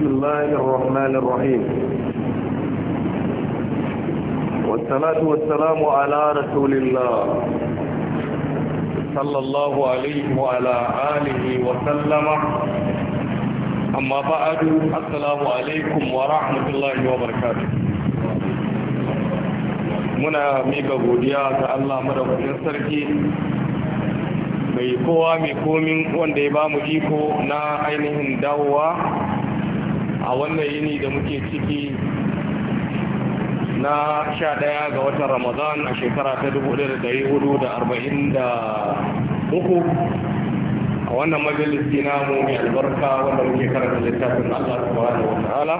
بسم الله الرحمن الرحيم والصلاة والسلام على رسول الله صلى الله عليه وعلى آله وسلم أما بعد السلام عليكم ورحمة الله وبركاته muna mika godiya ga Allah madaukakin sarki mai kowa mai komin wanda ya bamu iko na ainihin dawowa a wannan yini da muke ciki na sha ɗaya ga watan ramadan a shekara ta dubu da da da arba'in da uku, a wannan majalisi mu mai albarka wanda muke karanta littafin allah subhanahu wa ta'ala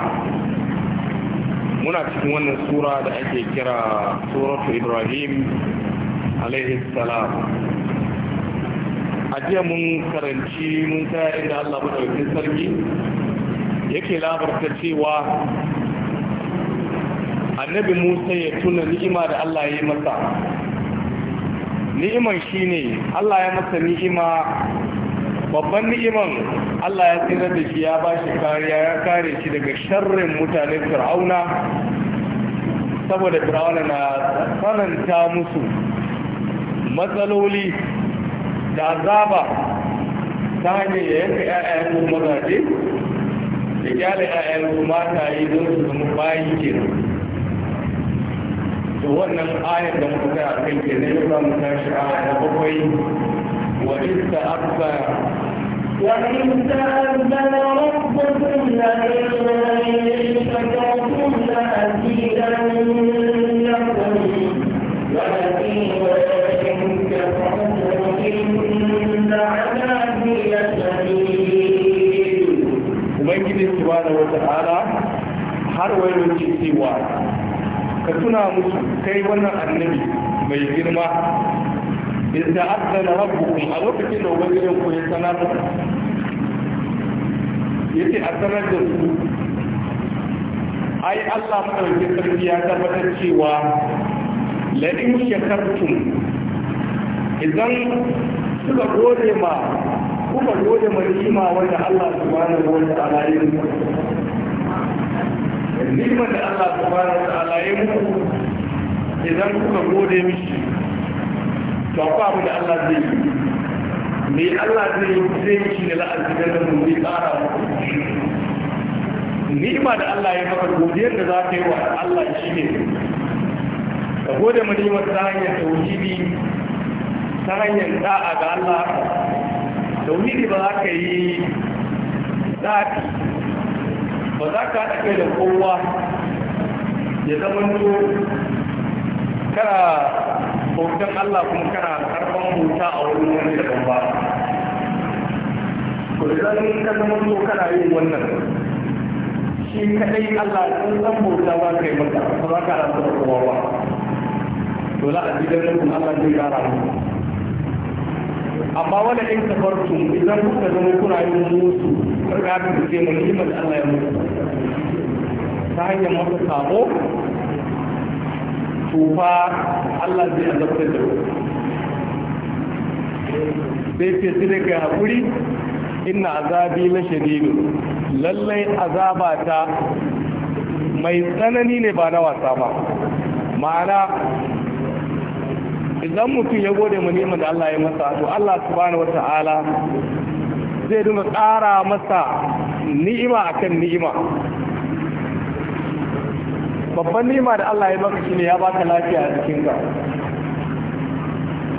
muna cikin wannan sura da ake kira suratu ibrahim alaihi salam a jiya mun karanci mun kaya inda allah maɗaukin sarki yake labarta cewa annabi musa ya tuna ni'ima da allah ya yi masa ni'iman shine allah ya masa ni'ima babban ni'iman allah ya tsira da shi ya ba shi kariya ya kare shi daga sharrin mutanen fir'auna saboda fir'auna na tsananta musu matsaloli da zaba ta hanyar ya yanka 'ya'ya ko mazaje da kyale ƴaƴan su mata yi don su zama bayi ke to wannan ayar da muka kai a kai ke ne ya za tashi a bakwai wa iska abba وإذ تأذن ربكم لئن شكرتم ubangiji subhanahu wata'ala har wayo ce cewa ka tuna musu kai wannan annabi mai girma aka azana rabu a lokacin da ubangijin ku ya sanar a sanar da su ai Allah madaukakin sarki ya tabbatar cewa la in idan suka gode ma kuka gode mai kima wanda Allah subhanahu wa ta'ala ya yi ni'imar da Allah subhanahu wa ta'ala ya yi idan kuka gode mishi to akwai abu da Allah zai yi me Allah zai yi zai yi shi ne la'azikar da mu zai tsara ni'ima da Allah ya maka gode da za ka yi wa Allah shi ne ka gode mu ni'imar ta hanyar tauhidi ta hanyar da'a ga Allah tauhidi ba za ka yi zafi ba za ka haɗa kai da kowa ya zama to kana bautan Allah kuma kana karɓar bauta a wurin wani daban ba ko yi ka zama to kana yin wannan shi kaɗai Allah sun zan bauta ba kai maka ba za ka rasa kowa ba to za a ji da Allah zai kara mu amma wanda in kafartu idan kuka zama kuna yin musu karka ta ce mu ni'imar da Allah ya mutu ta hanyar masa sabo tufa Allah zai azabtar da ku sai ce su daga haƙuri ina azabi na shadidu lallai azaba ta mai tsanani ne ba na wasa ba ma'ana idan mutum ya gode mu neman da Allah ya masa to Allah subhanahu wata'ala zai dinga ƙara masa ni'ima akan ni'ima babban ni'ima da Allah ya shi shine ya baka lafiya a cikin ka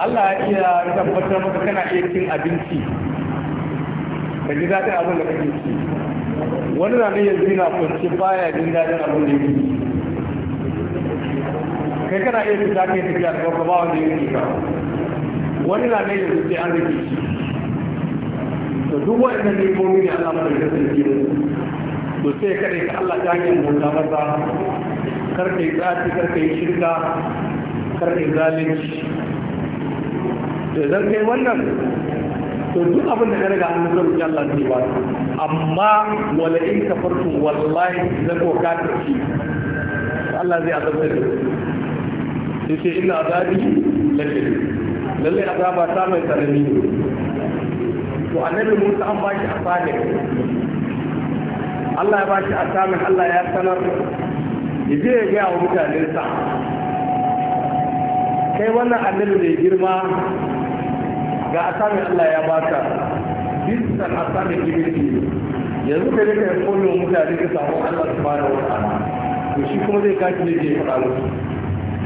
Allah ya iya tabbatar maka kana iya cin abinci ka ji daɗin abin da kake ci wani na ne yanzu yana kwanci baya jin daɗin abin da yake ci kai kana iya ka yi tafiya da ba wanda ya ke ka wani na ne yanzu sai an rike shi to duk ne nemomi ne Allah mai da sarki ne to sai kada ka Allah ta mun da maza kar ka yi tsaci kar ka yi shirka kar ka yi zalunci to zan kai wannan to duk abin da ka riga an san rukin Allah ne ba amma wala in ka farko wallahi zan ko ka tafi Allah zai azabta da yace ina azabi lalle lalle azaba ta mai tsanani ne to annabi Musa an baki asalin Allah ya baki asalin Allah ya sanar yaje ya ga mutanen sa kai wannan annabi mai girma ga asalin Allah ya baka bisan asalin ibili yanzu ka da kai kullum mutane ka samu Allah subhanahu wa ta'ala to shi kuma zai kaki ne ya faɗa musu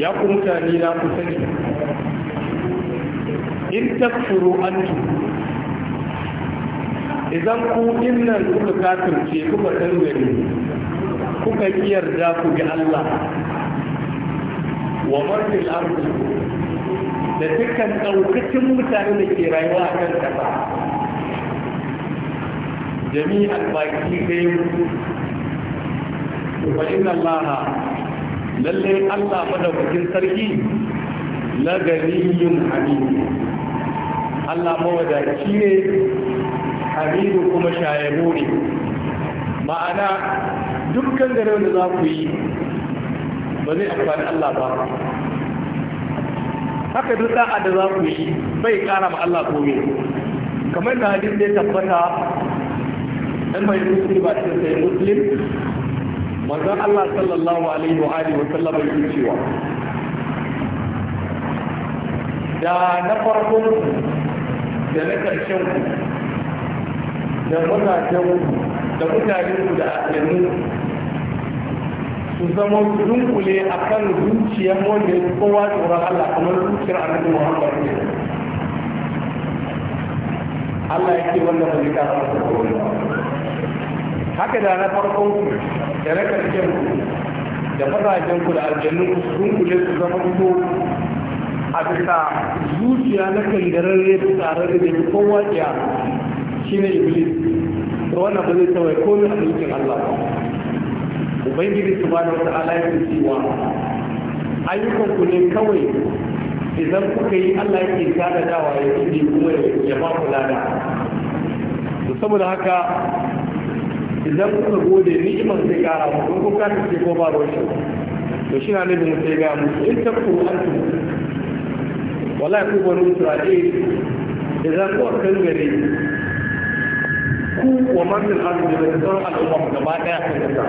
ya ku mutane na ku sani in takfuru antum idan ku dinnan kuka kafirce kuka dangare kuka yarda ku bi Allah wa man fil ardi da dukkan daukacin mutane da ke rayuwa a kan kasa jami'an baki dai fa inna allaha lallai Allah madaukakin sarki la ganiyun hamid Allah mawadaci ne hamidu kuma shayabu ne ma'ana dukkan gare da za ku yi ba zai amfani Allah ba haka duk da'a da za ku yi bai kara ma Allah komai kamar da hadis da ya tabbata dan bai musulmi ba cikin sai muslim manzon Allah sallallahu alaihi wa alihi wa sallam yake cewa da na farko da na karshen ku da mutanen ku da mutane ku da aljannu su zama dunkule a kan zuciyar wanda ya kowa tsoron Allah kamar zuciyar annabi Muhammad ne Allah ya ce wannan bai ka fara haka da na farkon ku da na karshen ku da mazajen ku da aljannun ku sun kule su zama ku a bisa zuciya na kangararre tsararre da ke kowa ɗaya shi ne iblis da wannan ba zai tawaye komai a mulkin allah ubangiji su ba da wata alaƙa cewa ayyukan ku ne kawai idan kuka yi allah yake gada dawa ya kuɗi kuma ya ba ku lada saboda haka idan kuka gode ni'imar sai kara muku ko ka ce ko ba ruwan shi to shi na nabi sai ga mu in ta ku an antum wallahi ku ba bani isra'il idan ku kan gare ku wa man fil ardi da sauran al'umma gaba daya kan kasa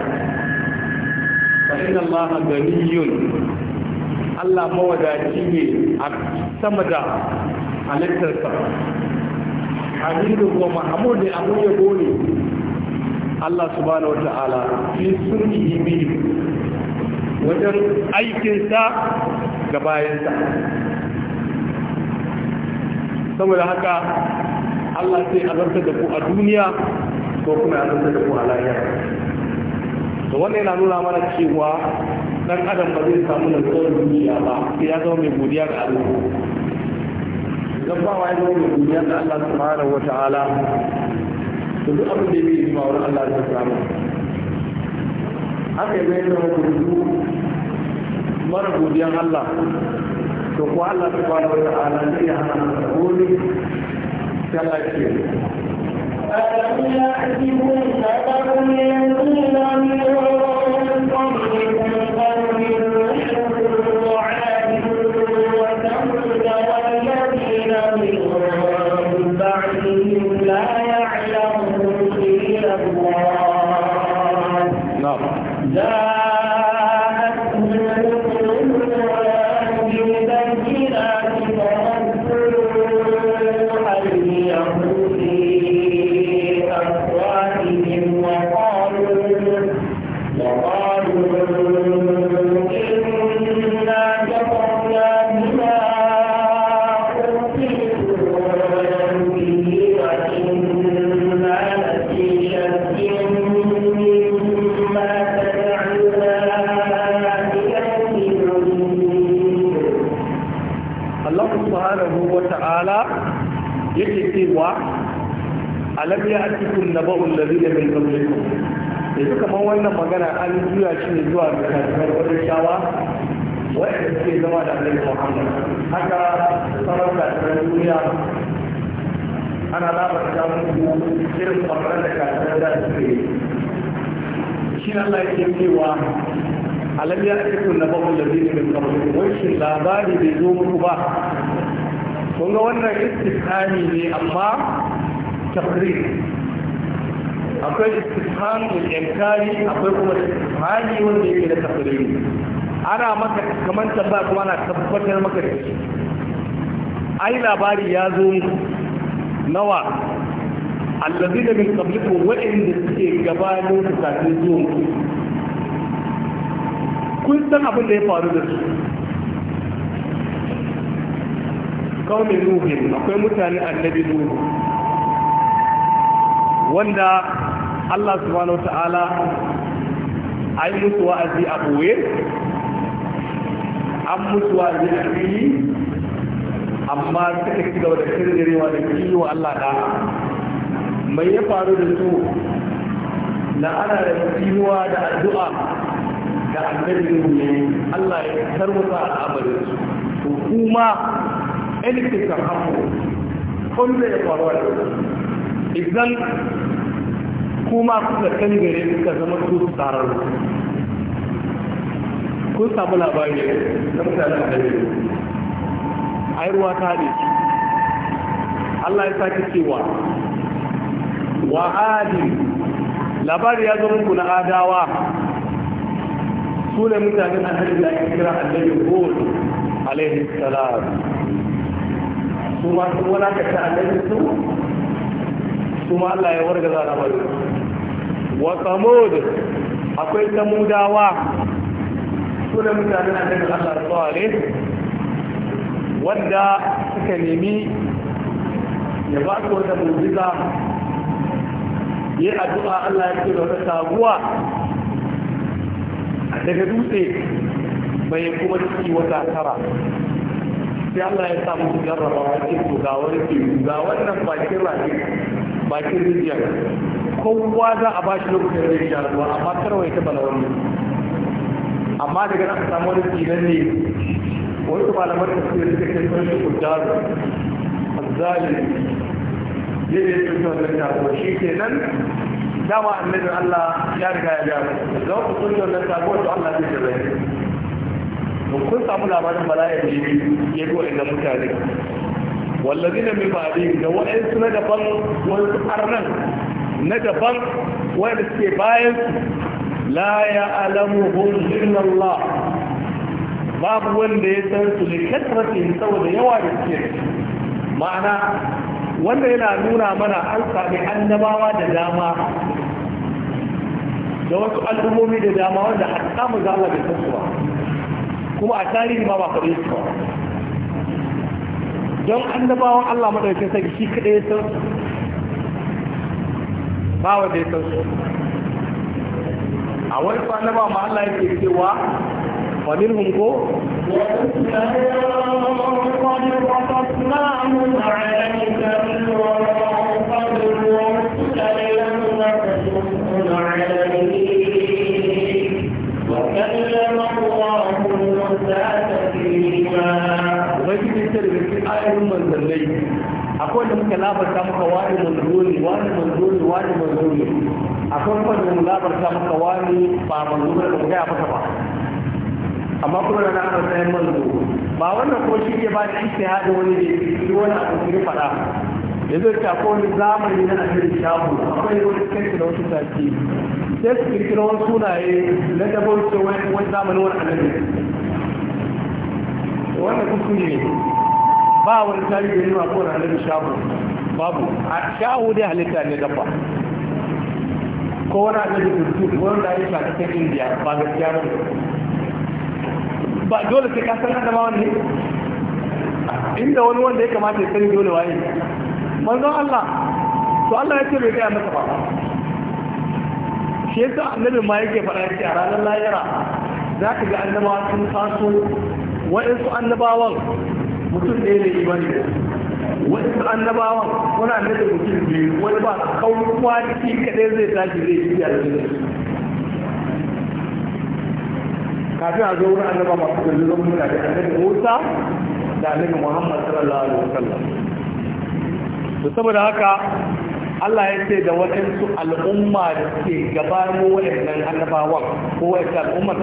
fa inna allaha ganiyun Allah mawadaci ne a sama da halittarsa Hamidu wa Mahamud ne abun yabo ne Allah subhanahu wata'ala fi sunnihi bihi wajen aikinsa ga bayansa saboda haka Allah sai azarta da ku a duniya ko kuma azarta da ku a lahira da wannan yana nuna mana cewa dan adam ba zai samu nutsuwar duniya ba sai ya zama mai godiya ga Allah idan ba wa ya zama mai godiya ga Allah subhanahu wata'ala da duk abin da ya yi ma wurin Allah zai samu haka ya bayyana muku rubu mara godiyan Allah to ko Allah subhanahu wa ta'ala zai hana mu gode sai Allah ya ce ya'tikum naba'ul ladina min qablikum yanzu kamar wannan magana an juya shi ne zuwa ga kafirai wajen shawa wanda suke zama da annabi Muhammad haka sauran kafirai duniya ana labar da muku irin kwakwaran da kafirai da suke shi na Allah yake cewa alam ya ake kun nabawun da zai min kamar wani labari bai zo muku ba kun ga wannan istifani ne amma tafri akwai istifhamul inkari akwai kuma istifhami wanda yake da tafsiri ana maka kamar tamba kuma ana tabbatar maka da shi ai labari ya zo nawa allazina min qablikum wa'inda suke gabanin su kafin kun san abin da ya faru da su kawai nuhin akwai mutane annabi nuhu wanda Allah subhanahu wa ta'ala an musu wa'azi a ɓoye an musu wa'azi a fili amma suka ci gaba da kirgirewa da kiyi wa Allah da mai ya faru da su na ana da kiwa da addu'a da annabi ne Allah ya tarwata al'amarin su hukuma elikitar hamu kun da ya faru da idan kuma suka kangare suka zama su tsararru kun samu labari na mutanen da ne a yi ruwa ta ne Allah ya sake cewa wa adi labari ya zama ku na adawa su ne mutanen annabi da ake kira annabi hud alaihi salam su ma sun wani aka ta annabi su kuma Allah ya warga za a wa samud akwai samudawa suna mutanen suka Allah sallallahu wanda suka nemi ya ba su wata mu'jiza yi addu'a Allah ya ce wata sabuwa daga dutse bai kuma ciki wata tara sai Allah ya samu su jarraba wa cikin ga wani ga wannan bakin rafi bakin rijiyar kowa za a ba shi lokacin da ya gyara ruwa amma karwai ta bala wannan amma daga nan samu wani tsinan ne su malamar tafsir suka ce sun shi kujaru zalimi ne yi ya shi wannan takuwa shi ke nan dama annabin Allah ya riga ya gyara za ku sun shi wannan takuwa da Allah zai ne kun samu labarin bala'in ne ya zo inda mutane wallazina mai ba'adi da wa'in suna daban wani arnan na daban wanda suke bayan su la ya alamu hulun Allah babu wanda ya san su ne kasratin saboda yawa da suke ma'ana wanda yana nuna mana an sami annabawa da dama da wasu al'ummomi da dama wanda hatta samu zama da bai su ba kuma a tarihi ma ba faɗe su don annabawan Allah madaukakin sarki shi kaɗai ya san su ba wa dai kansu a wani kwanaba ma Allah yake cewa famin hunko Ubangiji ta daga cikin ayyukan manzannai muka labarta maka wani manzuri wani manzuri wani manzuri a farkon da mu labarta maka wani ba manzuri da mu gaya maka ba amma kuma na aka sayan manzo ba wannan ko shi ke ba da istihadin wani ne shi wani abu ne fada yanzu ta ko wani zamani na asirin shafu akwai wani kanki da wasu tafi sai su kirkira wani sunaye na dabar wani zamanin wani annabi wannan kuskure ne ba wani tarihi ne ma kowane halittar shahu babu a shahu dai halitta ne dabba ko wani annabi turtu wanda ya shi a cikin indiya ba gaskiya ba ba dole sai ka san ma ne inda wani wanda ya kamata ya sani dole waye manzon Allah to Allah ya ce bai kai masa ba shi yasa annabi ma yake faɗa yake a ranar lahira za ka ga annabawa sun taso waɗansu annabawan mutum ɗaya ne imani da wasu annabawan wani annabi mutum biyu wani ba kawai kawuwa shi kaɗai zai tashi zai yi da kafin a zo wurin annaba masu da zuwa muna da annabi musa da annabi muhammad sallallahu alaihi wasallam to saboda haka Allah ya ce da waɗansu al'umma da suke gabanin waɗannan annabawan ko waɗansu al'ummar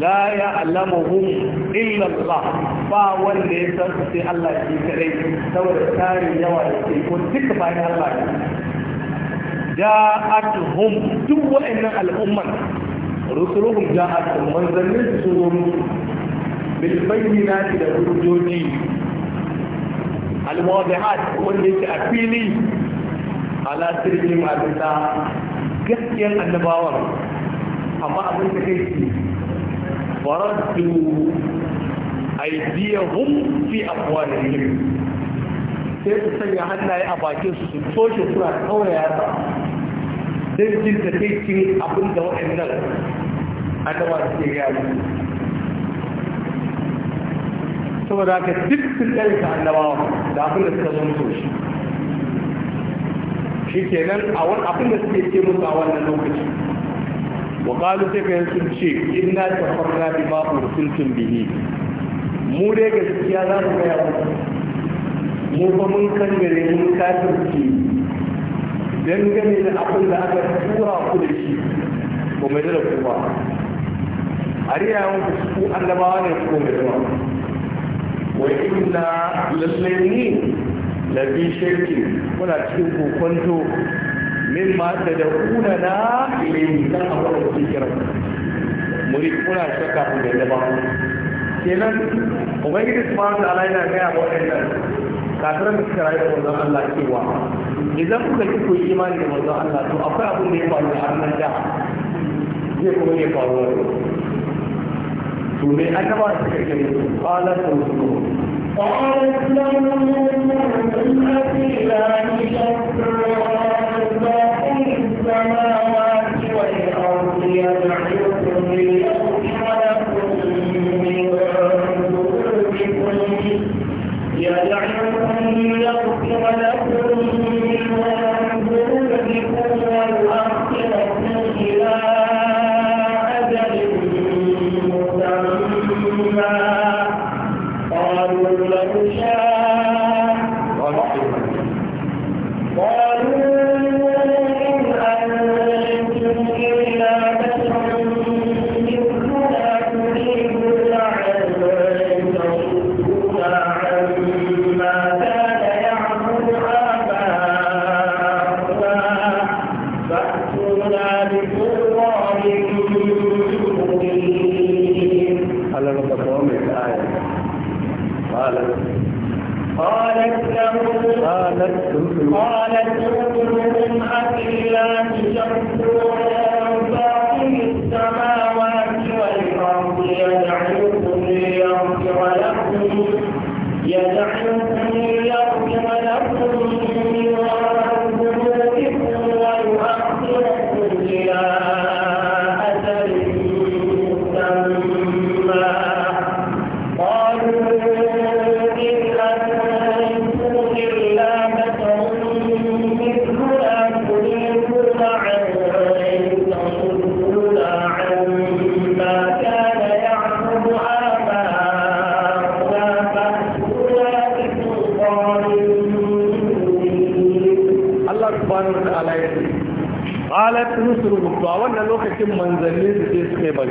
la ya'lamuhum illa Allah ba wanda ya san sai Allah shi kadai saboda tarin yawa da ke ko duk bayan Allah ne ja'atuhum duk wa'annan al'umman rusuluhum ja'atuhum manzannin su zo bil bayyinati da hujjoji al-wadihat wanda yake a fili ala sirrin abinda gaskiyar annabawan amma abin da kai faraddu aidiyahum fi afwalihim sai su sanya hannaye a bakin su su toshe suna kauraya ta don jin da kai cin abin da waɗannan annaba da ke gaya musu saboda haka duk sun ɗarika annabawa da abin da suka zo musu shi shi kenan a wani abin da suke ce musu a wannan lokacin. Wakalu ta sai kai sun ce inna tafarra bima bihi mu dai gaskiya za mu ga mu fa mun kan gare mun kafirci dangane da abin da aka tura ku da shi ko mai da ku ba a riya yanku ku annabawa ne ko mai da wa inna lallai ni la bi shirkin muna cikin kokonto min ma da kuna na ilimi kan abu da kuke kira muri kuna shakka ku da ba kenan ubangiji subhanahu wa ta'ala yana ga ya wadannan kafiran da suka rayu da manzon Allah cewa idan kuka ki koyi imani da manzon Allah to akwai abin da ya faru da annan da zai kuma ya faru da su to me aka ba su kake ne qala tawfiqu قالت لهم إن في الله شر وما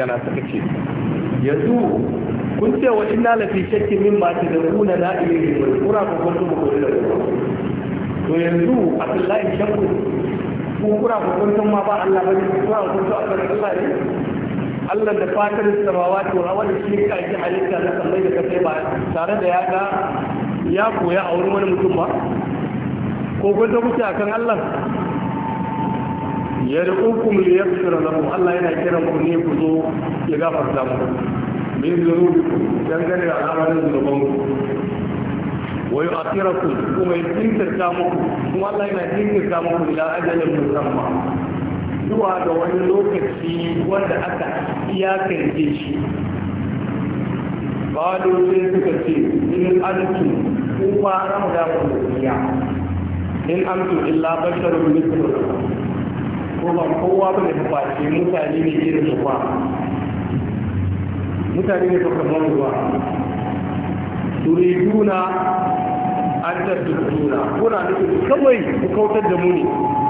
magana suka ce yanzu kun ce wa inna la fi shakkin min ba ta duna na ilayhi wa kura ko kun tuba ko da to yanzu abdullahi shakku ku kura ko kun ma ba Allah bane ku kura ku san Allah ne Allah da fatar samawati wa hawa da shi ka ji halitta na sammai da kai ba tare da ya ga ya koya a wurin wani mutum ba ko kun ta kuce akan Allah ya riƙukum li yaghfira lakum Allah yana kiran ku ne ku zo ya gafarta muku min dhunubikum dangane da al'amarin zunubanku wa yu'akhirakum kuma ya jinkirta muku kuma Allah yana jinkirta muku ila ajalin musamma zuwa ga wani lokaci wanda aka iyakance shi قالوا سيدك إن أنتم كما رمضان الدنيا إن أنتم إلا بشر مثلكم ko ba kowa ba ne ba ce mutane ne irin su ba mutane ne suka ba ruwa turiduna an tattuna kuna nufin kawai ku kautar da mu ne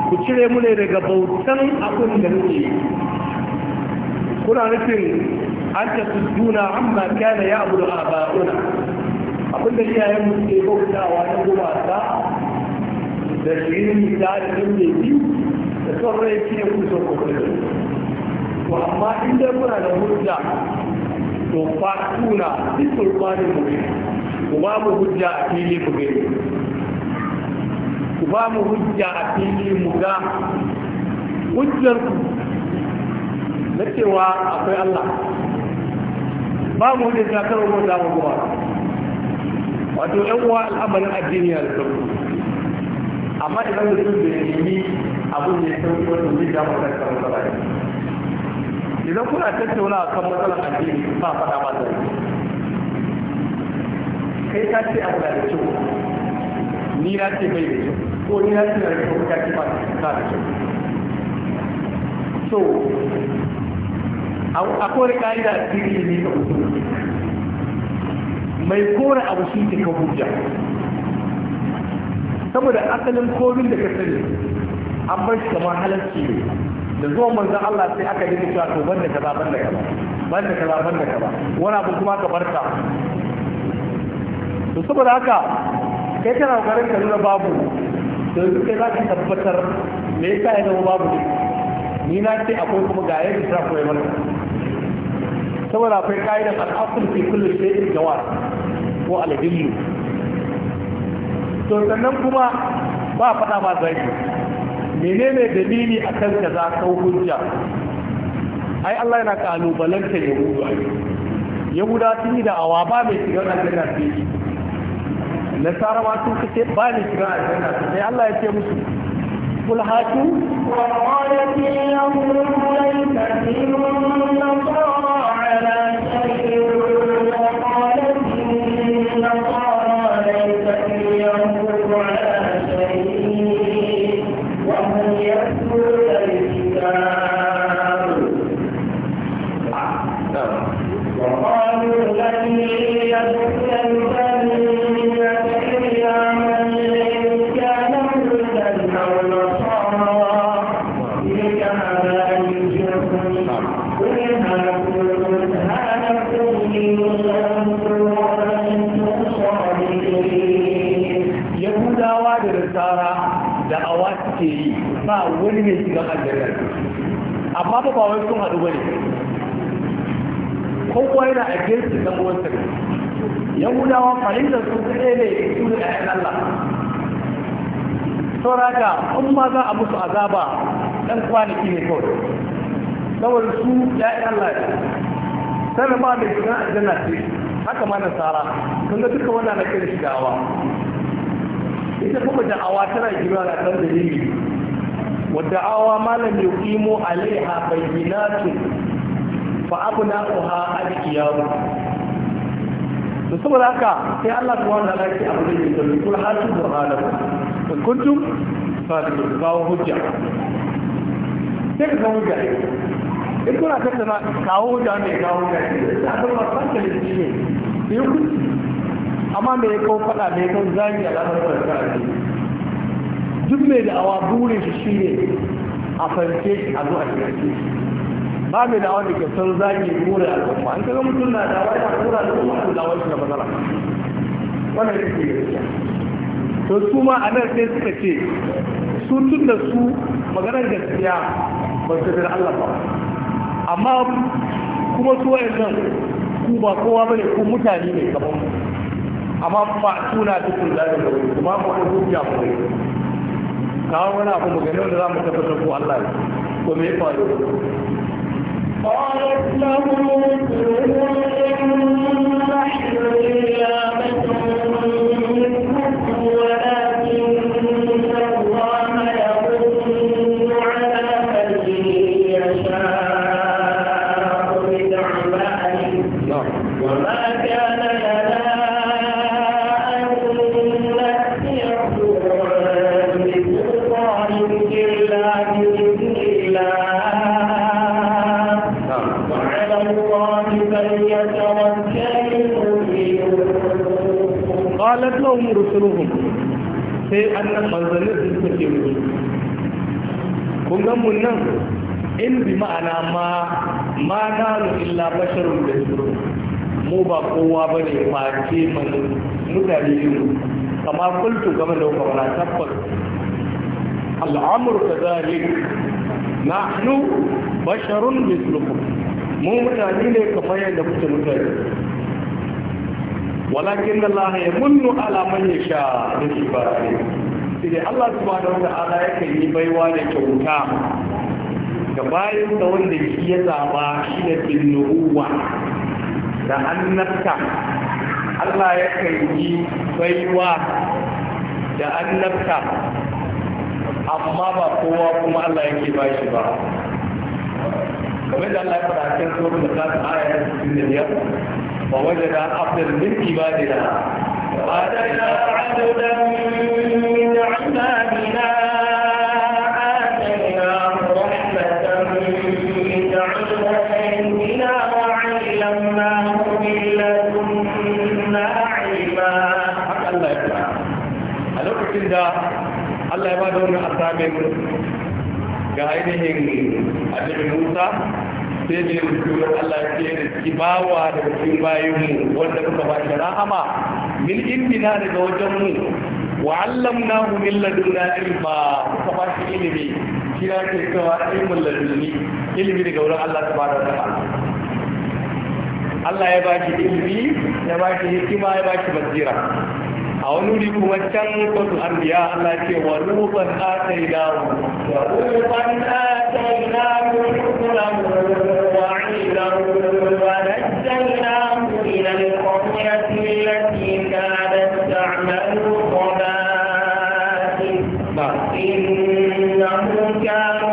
ku cire mu ne daga bautan abin da muke kuna nufin an tattuna amma kana ya abu da aba'una abin da iyayen mu ke bautawa na gumata da shirin da da ɗin ne biyu da sauran shi ne kusa kwakwalwa to amma in dai kuna da hujja to fa tuna duk turbanin mutum ku ba mu hujja a fili mu gani ku ba mu hujja a fili mu ga hujjar ku na cewa akwai Allah ba mu hujjar ta karo mu da mu wato yan uwa al'amarin addini da sauransu amma idan mutum bai nemi abin ne sauki wanda mun ja mu kanka matsala idan kuna tattauna kan matsalar addini ba faɗa ba zai kai ka ce abu da kyau ni na ce bai da kyau ko ni na ce da kyau ka ce ba da kyau so akwai ka'ida a cikin ne ka mutum mai kora abu shi ka hujja saboda asalin komin da ka sani an bar shi kamar halarci ne da zuwa manzan Allah sai aka yi cewa to banda kaza banda kaza banda kaza banda kaza wani abu kuma ka barta to saboda haka kai kana kokarin ka nuna babu to yanzu kai za ka tabbatar me yasa ya zama babu ne ni na ce akwai kuma ga yadda ta yi mana saboda akwai ka'idan al'asul fi sai in gawa ko aladillu to sannan kuma ba faɗa ba zai menene dalili akan kaza kau hujja ai Allah yana kalubalanta yahudu yahuda sun yi da awa ba mai shiga aljanna sai shi nasara ma sun kace ba mai shiga aljanna sai Allah ya ce musu kul hatu wa qalat laysa nasara ala ba wai sun haɗu ko kuwa yana a girki ɗan uwansa ne yahudawa fahimtar sun kaɗai ne su da ƴaƴan Allah sauraka in ma za a musu azaba ɗan kwanaki ne kawai saboda su ƴaƴan Allah ne sannan ba mai shiga jana ce haka ma nasara kun ga duka wannan na kai shigawa ita kuma awa tana girma da ɗan dalili والدعاوى ما لم يقيموا عليها بينات فأبناؤها الكيام saboda haka sai Allah kuma da laifi abu da yake da kul hatu burhana kun kuntum sadiqun kawo hujja sai ka kawo hujja in kuna tattara kawo hujja ne kawo hujja ne sai ka ba san da shi ne sai ku amma me ya kawo fada me yi kawo zagi a lamarin da ka duk mai awa burin shi shi ne a farce zo a zuwa ba mai awa da ke son zaki burin al'umma an kaga mutum na da ya kura al'umma da da'awar shi da matsala wannan shi ke gaskiya to su ma a nan sai suka ce su tun da su maganar gaskiya ba su da Allah ba amma kuma su wayannan ku ba kowa bane ku mutane ne kamar mu amma ba suna cikin zaɓin da wani kuma ba a zuciya ba ne kau nak aku mengenal dalam kata kata ku Allah ku mepa tu Allah lahu tuhan ya matum sai na manzannin su suka ce musu kun gan mun nan in bi ma'ana ma ma nu illa basharun da su mu ba kowa ba ne face mana mutane ne kama kultu game da kwamara tabbas al'amur ka na nu basharun su mu mutane ne kamar yadda kuke mutane walakin Allah ya munnu ala man yasha da shi ba sai Allah subhanahu wa ta'ala yakan yi baiwa da kyauta ga bayan da wanda shi ya zaba shi da binnuwa da annabta Allah yakan yi baiwa da annabta amma ba kowa kuma Allah yake ba shi ba kamar da Allah ya 65 ووجد أفضل من عبادنا وآتينا عبدا من عبادنا آتيناه رحمة من عندنا وعلمناه من ga ainihin abin musa sai da ya rufe Allah ya ce da kibawa da cikin bayan mu wanda muka ba shi rahama min indina daga wajen mu wa hu min ladunna ilma muka ba shi ilimi shi na ke cewa ilmin ladunni ilimi daga wurin Allah tabaraka wa ta'ala Allah ya ba shi ilimi ya ba shi hikima ya ba shi basira a wani wuri kuma can kwasu an biya Allah ce wa ruban atainahu wa ruban atainahu وعيدا ونجيناه إلى القرية التي كانت تعمل الخبائث إنهم كانوا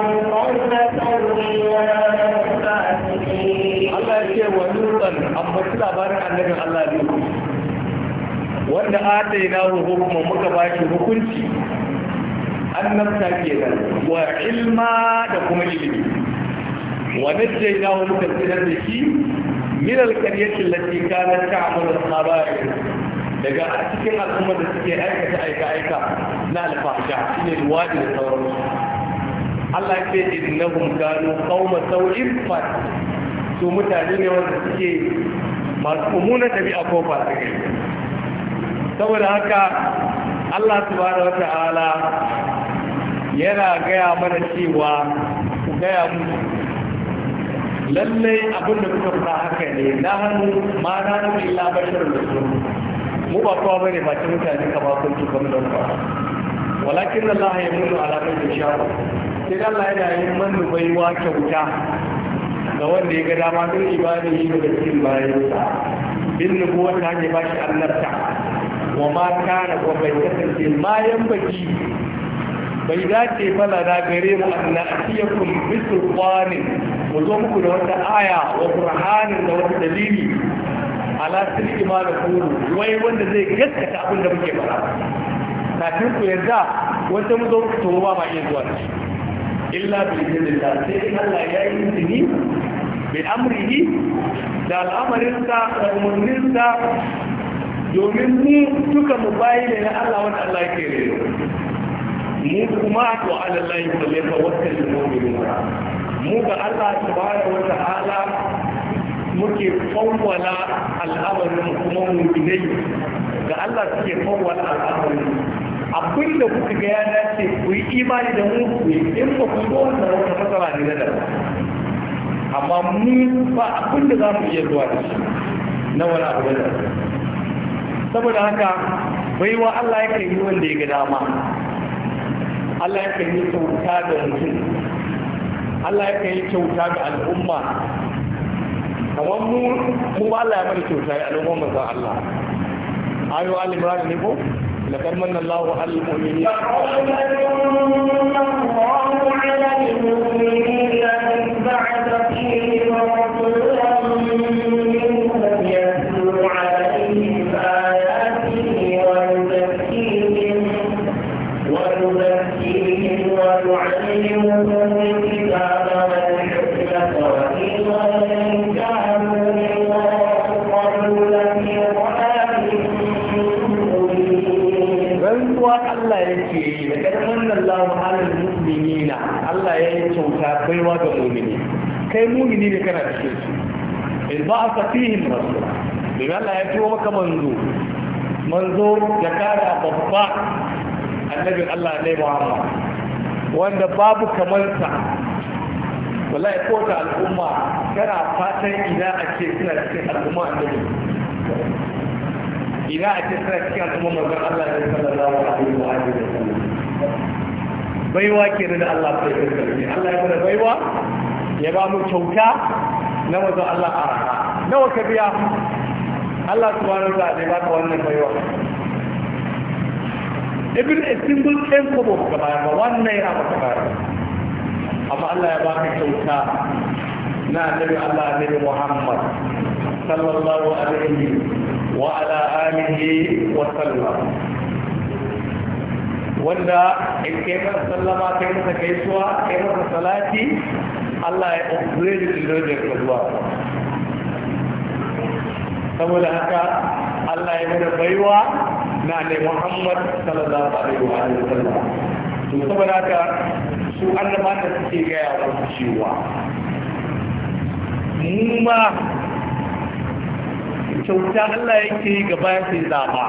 Allah wanda hukunci annabta wa ilma da kuma ilimi ونجيناه مكثرا به من القرية التي كانت تعمل الخبائث daga cikin al'ummar da suke aikata aika-aika na alfahsha shine luwadi da sauransu Allah ya ce innahum kanu qauma sau'in fat su mutane ne wanda suke masu umuna tabi'a ko fasike saboda haka Allah subhanahu wata'ala yana gaya mana cewa ku gaya musu lallai abin da kuka fara haka ne na hannu ma na hannu illa da su mu ba kowa ba ba bakin mutane ka ba kun tukam don ba walakin Allah ya mutu alaƙar da ba sai Allah yana yin bai baiwa kyauta ga wanda ya ga dama don ibadin shi daga cikin sa bin kowa ta ne ba shi annarta wa ma kana ko bai kasance ma yan baki bai dace bala da gare mu an na'atiyakum bisulqanin mu zo muku da wata aya wa burhanin da wata dalili ala sirri ma da kuru wai wanda zai gaskata abin da muke fara kafin ku yarda wanda mu zo muku to ba ma iya zuwa shi illa bi idinillah sai in Allah ya yi izini bi amrihi da sa, da sa, domin mu duka mu bayi ne na Allah wanda Allah yake rero mu kuma to Allah ya yi mu wakkilin ba. mu ga Allah da wata hala muke fawwala al'amarin kuma mu gidai ga Allah suke fawwala al'amarin abin da kuka ga ya dace ku yi imani da mu ku in ba ku zo wata wata matsala ne na daban amma mu ba abin da za mu iya zuwa da shi na wani abu da saboda haka baiwa Allah ya kai yi wanda ya ga dama Allah ya kai yi kyauta da mutum Allah ya kai kyauta ga al'umma kamar mu mu ba Allah ya mana kyauta ga al'umma manzon Allah ayo al-imran ne ko لقد من الله على المؤمنين ne kana da shirki in ba a safihin rasu domin Allah ya turo maka manzo manzo ya kara babba annabin Allah ne wanda babu kamarsa wallahi ko ta al'umma kana fatan ina a ce suna cikin al'umma annabi ina a ce suna cikin al'umma manzon Allah ne sallallahu alaihi wa sallam baiwa kenan da Allah bai karbi Allah ya baiwa ya ba mu kyauta na mazan Allah a rana nawa ka biya Allah subhanahu wa ta'ala ya baka wannan baiwa ibn a single ɗan kobo ka bayar ba wannan ya baka bayar amma Allah ya baka kyauta na annabi Allah annabi Muhammad sallallahu alaihi wa ala alihi wa sallam wanda in kai masa sallama kai masa gaisuwa kai masa salati Allah ya upgrade children da zuwa saboda haka Allah ya mana baiwa na ne Muhammad sallallahu alaihi wa sallam to saboda haka su annaba da suke gaya wa cewa mu ma kyauta Allah yake yi gaba sai zaba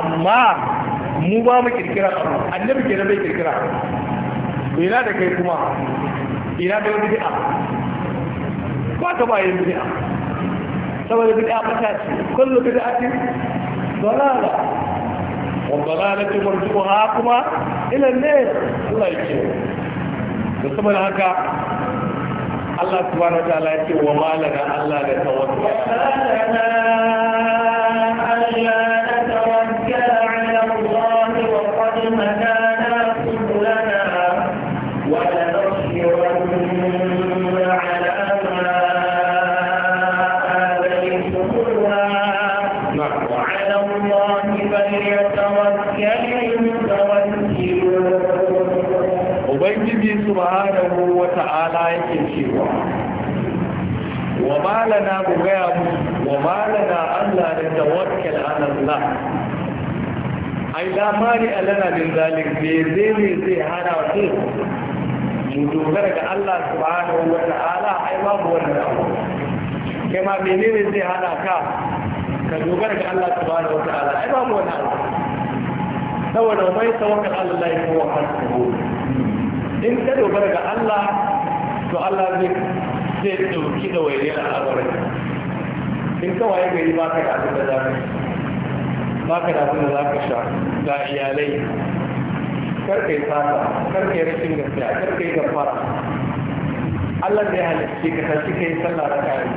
amma mu ba mu kirkira abu annabi kenan bai kirkira bai da kai kuma ina da wani bid'a ba ta ba yin bid'a saboda bid'a ba ta ce kullu bid'atin dalala wa dalalatu marjuha kuma ila an Allah yake da saboda haka Allah subhanahu wa ta'ala yake wa malana Allah da tawakkal وما لنا ألا نتوكل على الله أي لا مانع لنا من ذلك بيزيني زي هانا وكيف مدوغرك الله سبحانه وتعالى أي ما هو كما منين زي هانا كاف كدوغرك الله سبحانه وتعالى أي ما هو saboda mai tawakkal Allah ya kowa hasbuhu in ka dogara ga Allah to Allah zai zai dauki da wayar al'amarin in kawai gari ba ka da abin da za ka ba ka da da za ka sha ga iyalai karka yi fata karka yi rashin gaskiya karka yi gafara Allah zai halicce ka ta shi kai sallah da kayan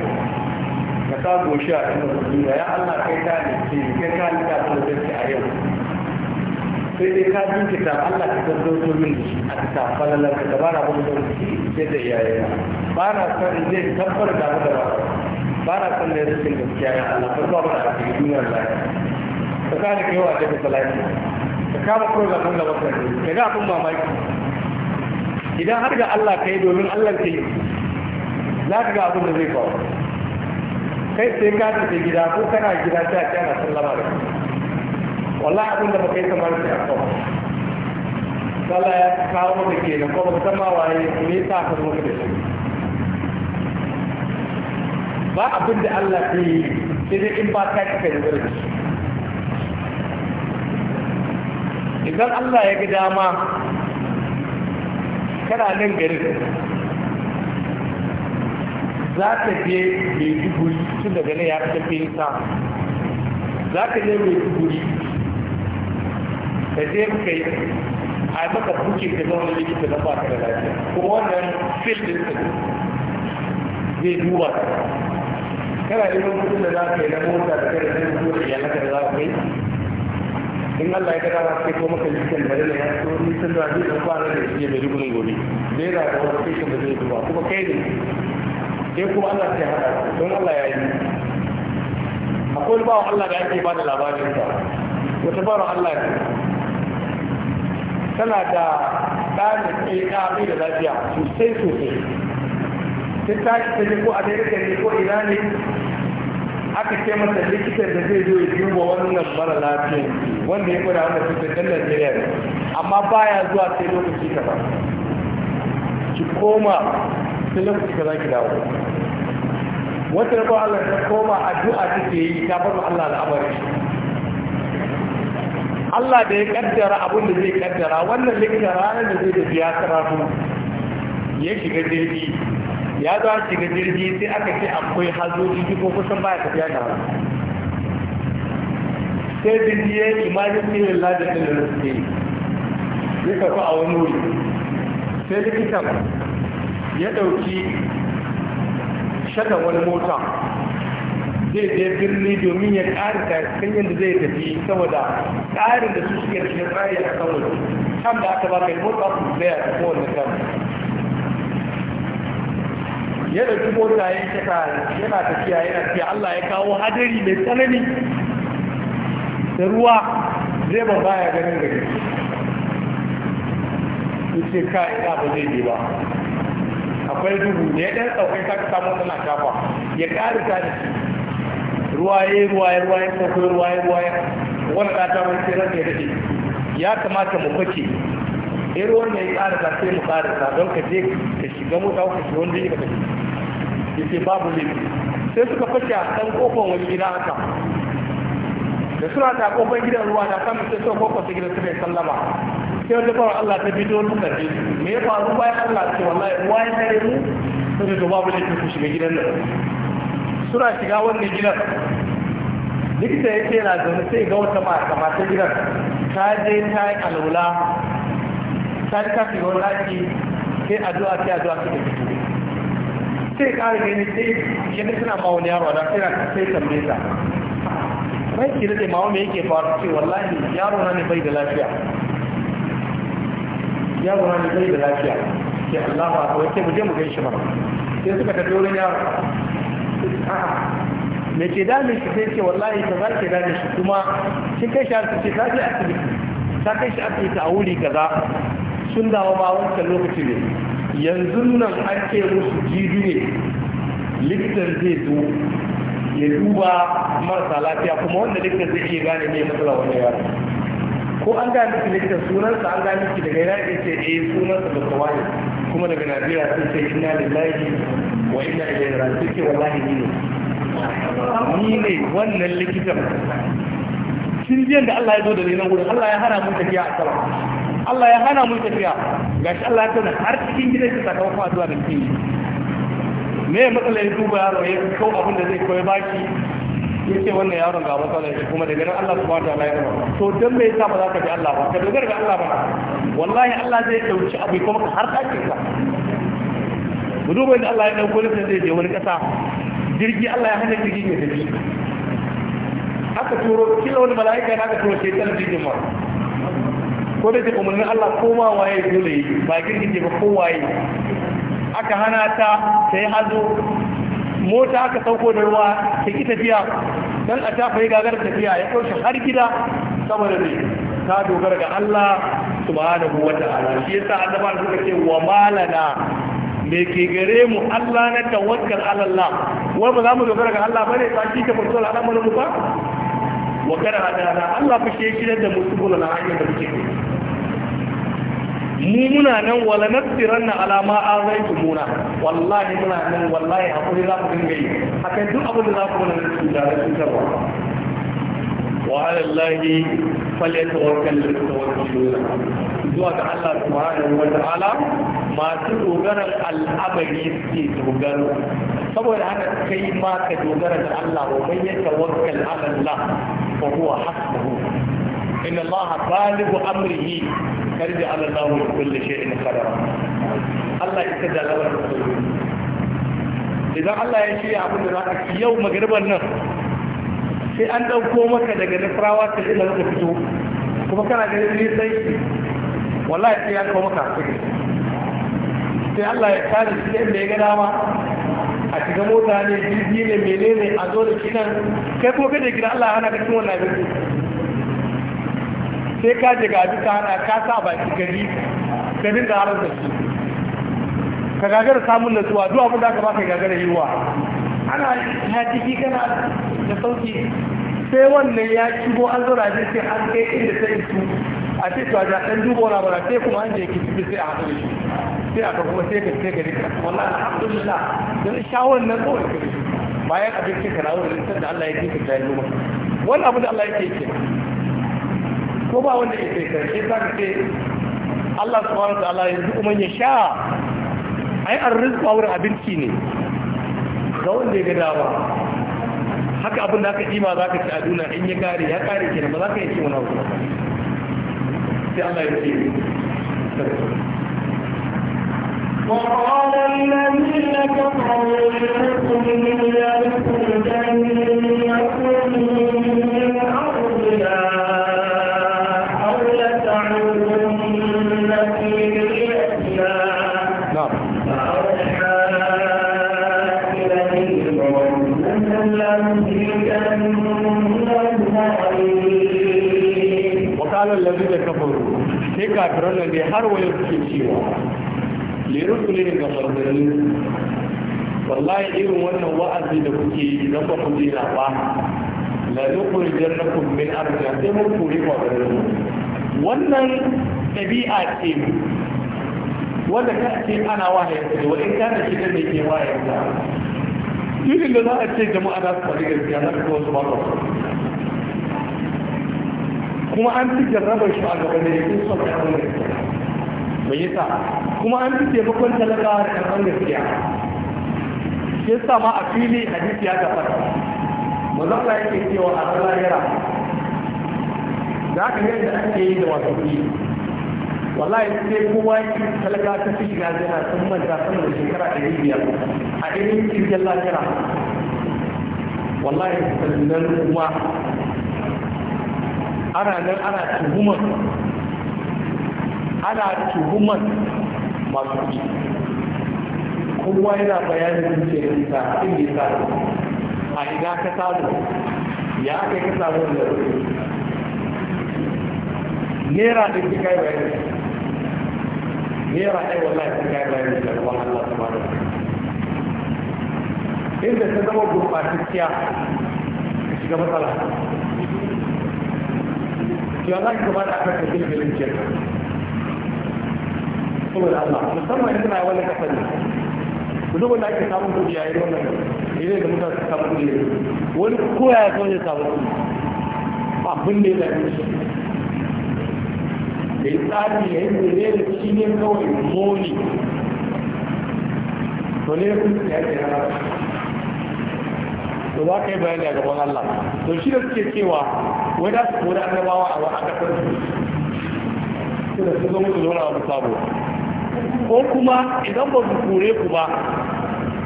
ka sa goshi a kan rubutu ya Allah kai ta halicce kai ka halitta ta rubutu a yau sai dai ka jinkita Allah ka zazzauto min a ta falalar ka da ba na gudu da rubutu sai da iyayen ba na san zai tabbar da ba ba na son da ya rikin gaskiya ya Allah ba ba mana kafin duniyar lafiya ka sa da kewa da ka salati ka kama program ɗin da wata ka ga abin mamaki idan har ga Allah ka yi domin Allah ke yi za ka ga abin da zai faru kai sai ka tafi gida ko kana gida ta ce ana sallama da wallahi abin da baka yi kamar sai a kawo Allah ya kawo ke kenan ko ba ka san ma waye ka zo ka da shi ba abin da Allah ke yi sai dai in ba ka kika da wurin idan Allah ya ga dama kana nan garin za ka je mai duguri tun daga nan ya tafi sa za ka je mai duguri ka je kai a yi maka buke ka zama likita na ba ka da lafiya kuma wannan fil din zai duba kana neman kudin da za ka yi na mota da kai zai zuwa kuma da yana da za ka yi in Allah ya ga dama sai ko maka jikin da rana ya so ni san da zai da fara da shi mai rugunin gobe zai da ka wata kai da zai zuwa kuma kai ne sai kuma Allah sai hada don Allah ya yi akwai wani bawan Allah da ake ba da labarin sa wata bawan Allah ne tana da ɗanin ɗaya da lafiya sosai sosai sun ta ta je ko amerika ne ko ina ne aka ce masa likitan da zai zo ya duba wannan mara lafiya wanda ya kula wannan cutar dan Najeriya ne amma baya zuwa sai lokaci ba ki koma sai lokaci za ki dawo wata rabon Allah ta koma addu'a take yi ta bar Allah al'amari Allah da ya kaddara abin da zai kaddara wannan likita ranar da zai tafi ya karatu ya shiga daidai ya zo an shiga jirgi sai aka ce akwai hazo jirgi ko kusan baya tafiya da rana sai jirgi ya yi imanin tsirin ladin da suke yi ya kafa a wani wuri sai likitan ya ɗauki shaɗa wani mota zai je birni domin ya ƙarita kan yadda zai tafi saboda tsarin da su suke cikin tsari a kan wuri kan da aka ba kai mota su zai a kowane kan ya dauki mota ya kasa yana tafiya yana tafiya Allah ya kawo hadari mai tsanani da ruwa zai ba baya ganin gari ce ka ina ba zai ba akwai duhu da ya ɗan tsaukai ta ka samu tana kafa ya ƙari ta da shi ruwa ya yi ruwa ya ruwa ya tsaukai ruwa ya ruwa ya wani ɗata mai tseren da ya daɗe ya kamata mu kwace irin wanda ya ƙara ta sai mu ƙara ta don ka je ka shiga mota ka shi wanda ya ka tafi yake babu laifi sai suka fashe a ɗan ƙofar wani gida haka da suna ta ƙofar gidan ruwa da kan sai son ƙofar su gidan su ne sallama sai wata fara Allah ta bido wani je me ya faru bayan Allah ce wallahi ruwa ya tare mu sai da babu laifi ku shiga gidan nan suna shiga wannan gidan likita ya ce na zaune sai ga wata mata mata gidan ta je ta yi alwala ta yi kafin wani ɗaki sai addu'a sai addu'a suka yi sai kare gani sai yana suna ma wani yaro da sai na sai tambaye ta mai ki da mawa me yake faru ce wallahi yaro na ne bai da lafiya yaro na ne bai da lafiya sai Allah ba ko sai mu je mu gaishe ba. sai suka tafi wurin yaro me ke dame shi sai ce wallahi ta za ke dame shi kuma shi kai shi asibiti ta je asibiti ta kai shi asibiti a wuri kaza sun dawo ma wancan lokaci ne yanzu nan an musu jibi ne likitan zai zo ya duba marasa lafiya kuma wanda likitan zai iya gane mai matsala wani yaro ko an gane miki likitan sunansa an gane miki daga yana ce eh sunansa da kawai kuma daga najeriya sun ce inna lahi wa da yara sun ce wallahi ni ne ni ne wannan likitan sun da Allah ya zo da nan gurin Allah ya hara mun tafiya a sama Allah ya hana mu tafiya shi Allah ya tana har cikin gidan shi sakamakon zuwa da cikin me ya matsala ya duba yaro ya kawo abin da zai koyi baki ya ce wannan yaron ga matsala ya kuma daga nan Allah subhanahu wa ta'ala ya rama to dan me yasa ba za ka bi Allah ba ka dogara ga Allah ba wallahi Allah zai dauki abu kuma har dakin ka duba da Allah ya dauko ne zai je wani kasa jirgi Allah ya hana jirgi ya tafi aka turo kila wani mala'ika ya ka turo shekar jirgin mara ko da umarnin Allah koma waye dole yi ba ke ba ko aka hana ta ta yi hazo mota aka sauko da ruwa ta ki tafiya Don a ta fayi gagar tafiya ya ɗauki har gida saboda ne ta dogara ga Allah subhanahu ta ta'ala shi yasa da suka ce wa malana me ke gare mu Allah na tawakkal ala Allah wai ba za mu dogara ga Allah bane ba shi ka farko al'amarin mu ba wa kana da? Allah fashe shi da musulmuna na hanyar da muke mu muna nan wala na na alama azaitu muna wallahi muna nan wallahi hakuri za ku dinga yi akan duk abin da za ku mana su da cutarwa wa ala allahi falyatawakkal mutawakkalun zuwa ga Allah subhanahu wa ta'ala masu dogaran al'amari suke dogaro saboda haka kai ma ka dogara da Allah wa man yatawakkal ala Allah fa huwa hasbuhu inna Allah balighu amrihi karbi ala lahu da kulle shi in kadara Allah ita da labar idan Allah ya shirya abu da za a ci yau magriban nan sai an dauko maka daga nasrawa ta ila ka fito kuma kana ganin nisan sai wallahi sai ya kawo maka sai Allah ya kare shi yadda ya ga dama a shiga mota ne jirgi ne menene a zo da shi nan kai ko kada gida Allah ya hana ka cikin wannan abin sai ka je ga abin hana ka sa baki gari da dinga harar da shi ka gagara samun nasuwa duk abin da aka baka gagara yiwa ana hajjiki kana da sauki sai wannan ya shigo an zura ne sai an kai inda ta isu a ce to a ja dan dubo na bara sai kuma an je ki tafi sai a haɗu shi sai aka kuma sai ka sai gari ka wallahi alhamdulillah dan shawar nan ko da bayan abincin ka na wurin da Allah ya kike ta yi maka wannan abu da Allah yake yi ko ba wanda ya kai kai sai ka ce Allah subhanahu wa wataala yanzu kuma ya sha ai arrizqa wurin abinci ne ga wanda ya gada ba haka abin da aka kima zaka ci a duna in ya kare ya kare kenan ba za ka yi ci wani abu sai Allah ya ce وقال الذين كفروا لكم يدخل جنة من أرض lafi da kafaru sai kafiran nan dai har wayo suke cewa lirusulin ga wallahi irin wannan wa'azi da kuke yi ba ku sai mun wannan ɗabi'a ce wanda ka ce ana da wani kana shi ne ke da za a ce jama'a na su faɗi gaskiya za ba kuma an fi jarrabar shi a gaba da yakin son da yawan gaskiya mai yasa kuma an fi taimakon talakawa da karɓar gaskiya shi yasa ma a fili hadisi ya gabata mazalla yake cewa a ran lahira za ka da ake yi da wasu kuɗi wallahi sai kowa ya talaka ta fi shiga jana sun manta sama da shekara ɗari biyar a irin kirgin lahira wallahi sannan kuma ana nan ana tuhumar ana tuhumar masu kuɗi kuma yana bayanin zuciyar ta inda ya sa a ina ka samu ya aka ka samu wanda nera da ke kai bayani nera ɗai wallahi ki kai bayani da ruwan Allah ta bada inda ta zama gurɓatacciya ka shiga matsala ya za ka ba da akan ka gina gilin ke da Allah musamman yanzu na wannan kasar ne duk wanda ake samun kudi yayin wannan ne da mutane su samu wani koya ya kawai ya samu kudi abin da ya da ya tsari ya yi tsere da shi ne kawai moli to ne ya kuma ya ke rana to za ka yi bayani a gaban Allah to shi da suke cewa wai da su kori annabawa a wata kasar su da su zama su zama wani sabo ko kuma idan ba su kore ku ba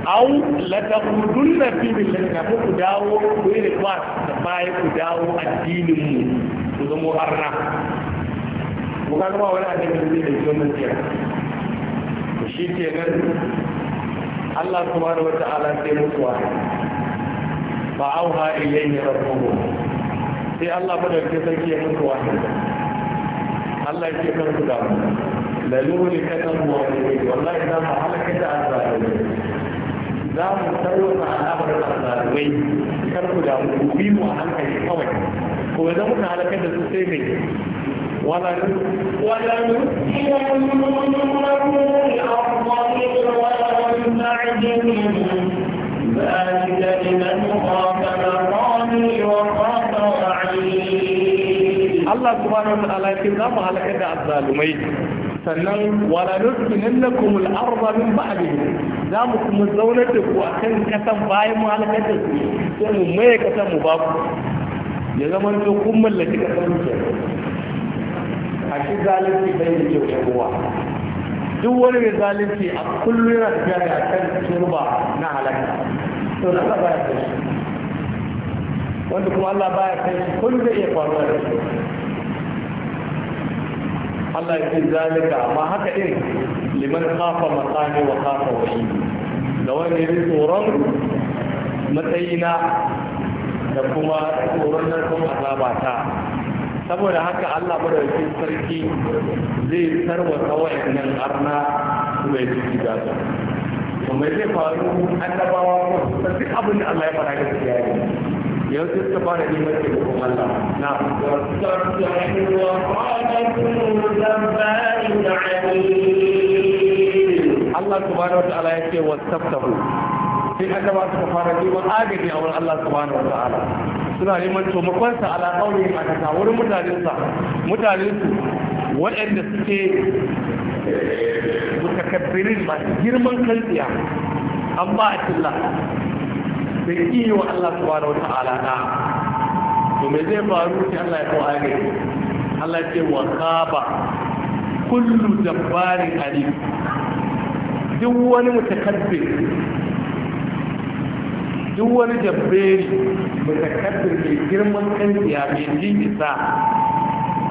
au la na fi da ko ku dawo ku yi request da baya ku dawo addinin mu su zama arna ko ka ba wani addini da zai da tiyar shi ke nan Allah subhanahu wa ta'ala sai mutuwa فأوها إليه ربه في الله بدأ كيف كتب واحد الله يكون كدام كتب المؤمنين والله إذا ما حلك الظالمين za mu tarwata al'amarin al'adumai kar ku da mu bi mu a hankali kawai ko idan muka halakar da su sai mai ولن ولن يمنعهم الأرض ولن تعجبهم allah لمن خاف مقامي وخاف وعيد الله سبحانه وتعالى يتزام sannan wala nuskinin na kuma al'arba min ba'ali za mu kuma zaunar da ku a kan kasan bayan mu halakar da su sai mu maye kasan mu ba ku ya zama to kun mallaki kasan mu a shi zalunci bai da kyau kowa duk wani mai zalunci a kullum yana tafiya da kan turba na halaka to na saba ya kai wanda kuma Allah baya kai shi kullum zai iya faruwa da shi Allah ya ce zalika amma haka din liman kafa makami wa kafa wani da wanda ya tsoron matsayina da kuma tsoron nan kuma azabata saboda haka Allah madaukakin sarki zai kawai wa'annan arna mai jiki da su kuma zai faru annabawa ko duk abin da Allah ya da gaskiya yayi yau sai ta fara da kuma Allah na Allah subhanahu wa ta'ala yake wasaftahu sai annaba suka fara neman agaji a wurin Allah subhanahu wa ta'ala suna neman taimakonsa ala kauli a kasa wurin mutanensa mutanensu waɗanda suke mutakabbirin masu girman kantsiya an ba a cilla da iya wa Allah subhanahu wa ta'ala na to me zai faru sai Allah ya kawo agaji Allah ce wa kaba kullu jabbarin alim duk wani mutakabbir duk wani jabberi mutakabbir mai girman kan ya mai jinkisa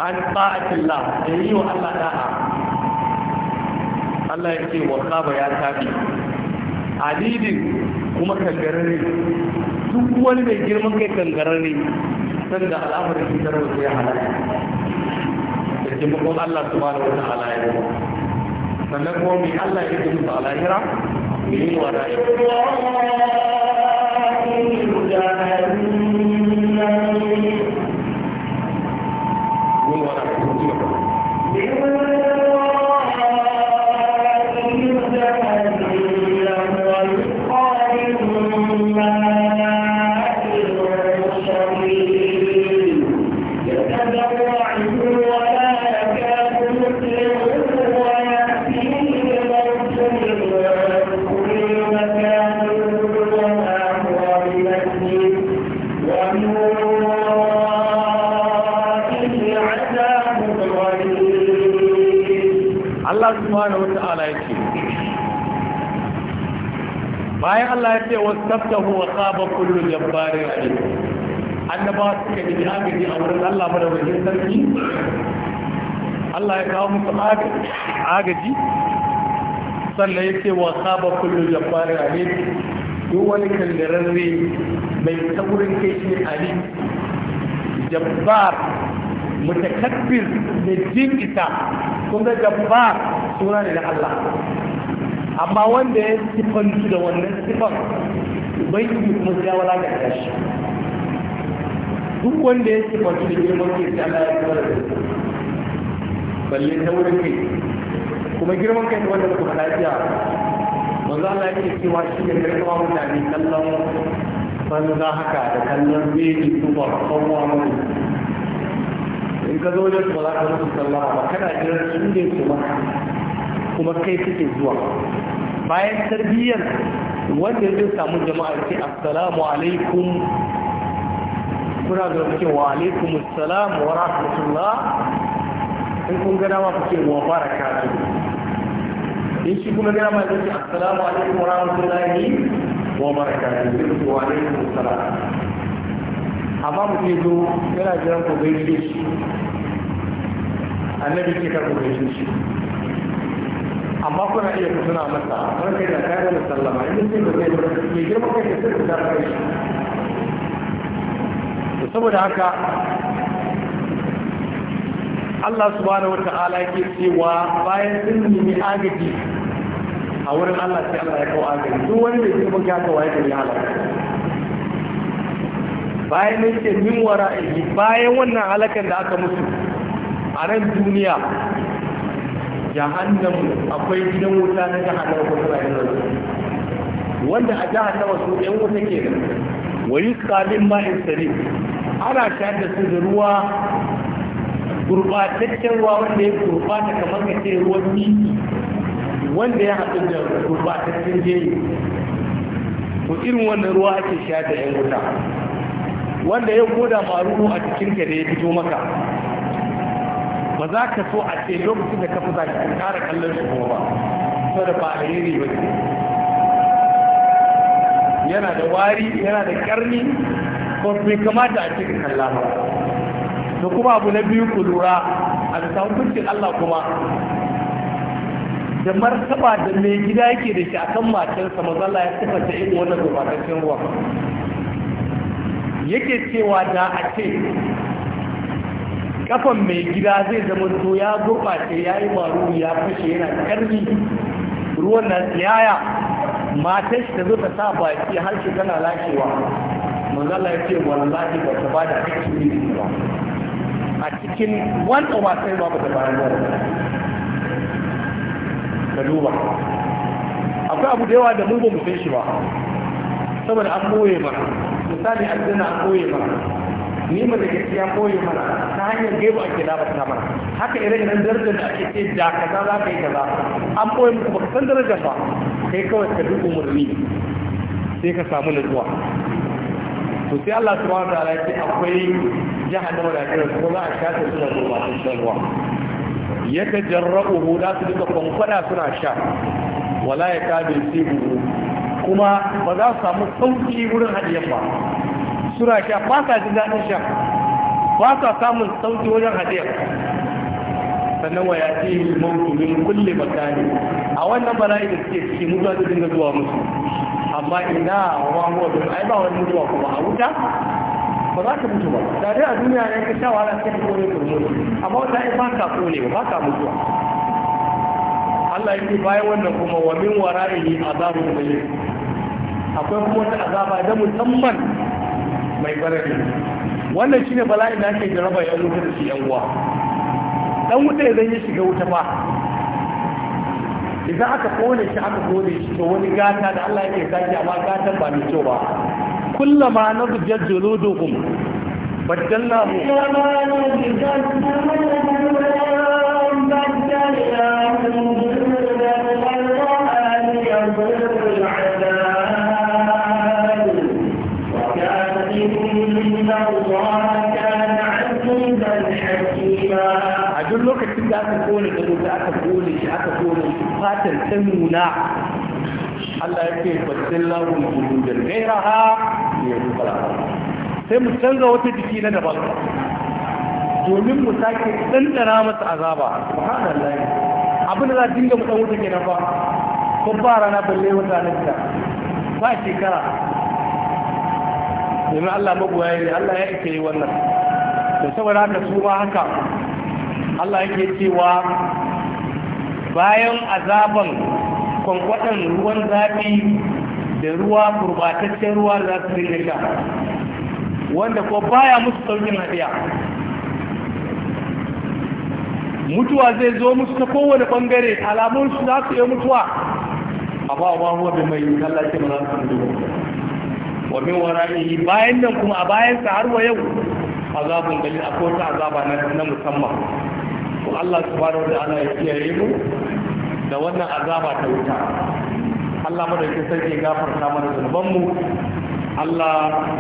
an ta'atillah da yi wa Allah da'a Allah ya ce wa saba ya tafi alidin kuma kangarare duk wani mai girman kai kangarare san da al'amarin cutar wasu ya halaka da jimakon Allah su ba da wata halayen sannan kuma mai Allah ya yi musu a lahira mai yi wa rayuwa جهنم sabtahu wa khaba kullu jabbari alim annaba suka ji agaji a wurin Allah madaukakin sarki Allah ya kawo musu agaji sannan ya ce wa khaba kullu jabbari alim duk wani kandararre mai taurin kai shi alim jabbar mutakabbir da jinkita kun ga jabbar suna ne da Allah amma wanda ya sifantu da wannan sifan bai kuma sai ya walakanta shi duk wanda ya ce kwanci da girman kai sai Allah ya kawar da balle ta wurin kai kuma girman kai da wanda kuma lafiya manzo Allah yake cewa shi ne karkama mutane kallon banza haka da kallon beki su ba kowa mutu in ka zo wajen su ba za ka musu sallama ba kana jiran su ne kuma kuma kai suke zuwa bayan tarbiyyar wanda zai samu jama'a ce assalamu alaikum kuna ga kuke wa alaikum assalam wa rahmatullah in kun ga dama ce wa barakatu in shi kuma ga dama zai assalamu alaikum wa rahmatullah wa barakatu wa alaikum assalam amma ce zo yana jiran ku gaishe shi annabi ke karɓar gaishe shi amma kuna iya ku suna masa har kai da kai da sallama in sai ku kai da mai girma kai sai ku tafi kai to saboda haka Allah subhanahu wata'ala ke cewa bayan sun nemi agaji a wurin Allah sai Allah ya kawo agaji duk wani da girman ya wa ya gari halaka bayan nan ke min wara'ihi bayan wannan halakan da aka musu a nan duniya jahannam akwai gidan wuta na jahannam ko kuma wuta, wanda a jahannam su ɗan wuta ke da wa kalin ma in sarin ana shayar da su da ruwa gurbataccen ruwa wanda ya gurbata kamar ka ce ruwan titi wanda ya haɗu da gurbataccen jeri ko irin wannan ruwa ake shayar da 'yan wuta wanda ya koda faruwa a cikin ka da ya fito maka ba za ka so a ce lokacin da ka fi zaki ka kara kallon shi kuma ba so da ba ba ce yana da wari yana da karni ko bai kamata a ce ka kalla ba da kuma abu na biyu ku lura a bisa Allah kuma da martaba da mai gida yake da shi akan matarsa mazalla ya tafata irin wannan gubataccen ruwa yake cewa da a ce kafan mai gida zai zama to ya gurɓace ya yi baro ya fashe yana ƙarni ruwan na tsiyaya matar shi ta zo ta sa baki har shi tana lashewa manzala ya ce wallahi ba ta ba da aiki ne ba a cikin wanda wasan ba ba ta bayar ka duba akwai abu da yawa da mu ba mu san shi ba saboda an boye ba misali an zina an boye ba ni da gaskiya koyi mana ta hanyar gaiba ake labarta mana haka irin nan darajar da ake ce da kaza za ka yi kaza an koyi muku ka san darajar ba kai kawai ka duk umarni sai ka samu nutsuwa to sai Allah subhanahu wa ta'ala ya ce akwai jahannama da irin ko za a shafe su da ruwa sun shan ruwa ya jarrabu da su duka kwankwada suna sha wala ya kabe sai kuma ba za su samu sauki wurin hadiyan ba suna sha ba sa jin daɗin sha ba sa samun sauki wajen hadiya sannan wa ya ce mawutu min kulle matani a wannan bala'i da suke suke mutuwa da dinga zuwa musu amma ina wa huwa bin ai ba wani mutuwa kuma a wuta ba za ka mutu ba da dai a duniya ne ka sha wahala sai ka kore turmi amma wata ai ba ka kone ba ka mutuwa Allah ya ce bayan wannan kuma wa min wara'ihi azabun bayyin akwai kuma wata azaba da musamman mai barari wannan shine bala'in da ake jaraba ya wuta da shi yan uwa dan wuta ya zan yi shiga wuta ba idan aka kone shi aka kone shi to wani gata da Allah yake zaki amma gatan ba mai kyau ba kullama nazjat juluduhum baddalnahu kullama nazjat juluduhum mu. da aka kone da wuta aka kone shi aka kone shi fatan ta nuna Allah ya ce fasin lahun gudunar gaira ha ne ya rufa sai mu canza wata jiki na daban domin mu sake ɗanɗana masa azaba subhanallah abin da za dinga mu dan wuta nan fa ko ba rana balle wata na ta ba shekara domin Allah magoya ne Allah ya ike yi wannan da saboda haka su ma haka Allah yake cewa bayan azaban kwankwaɗan ruwan zafi da ruwa gurbataccen ruwa za su dinga sha wanda ko baya musu sauƙin hadiya mutuwa zai zo musu ta kowane ɓangare alamun su za su yi mutuwa a ba wa ruwa bai mai kallace mana su dubu wa min wara'ihi bayan nan kuma a bayan sa har wa yau azabun dalil akwai wata azaba na musamman ko Allah subhanahu wa ta'ala ya kiyaye mu da wannan azaba ta wuta Allah madaukakin sarki gafarta mana zunubanmu Allah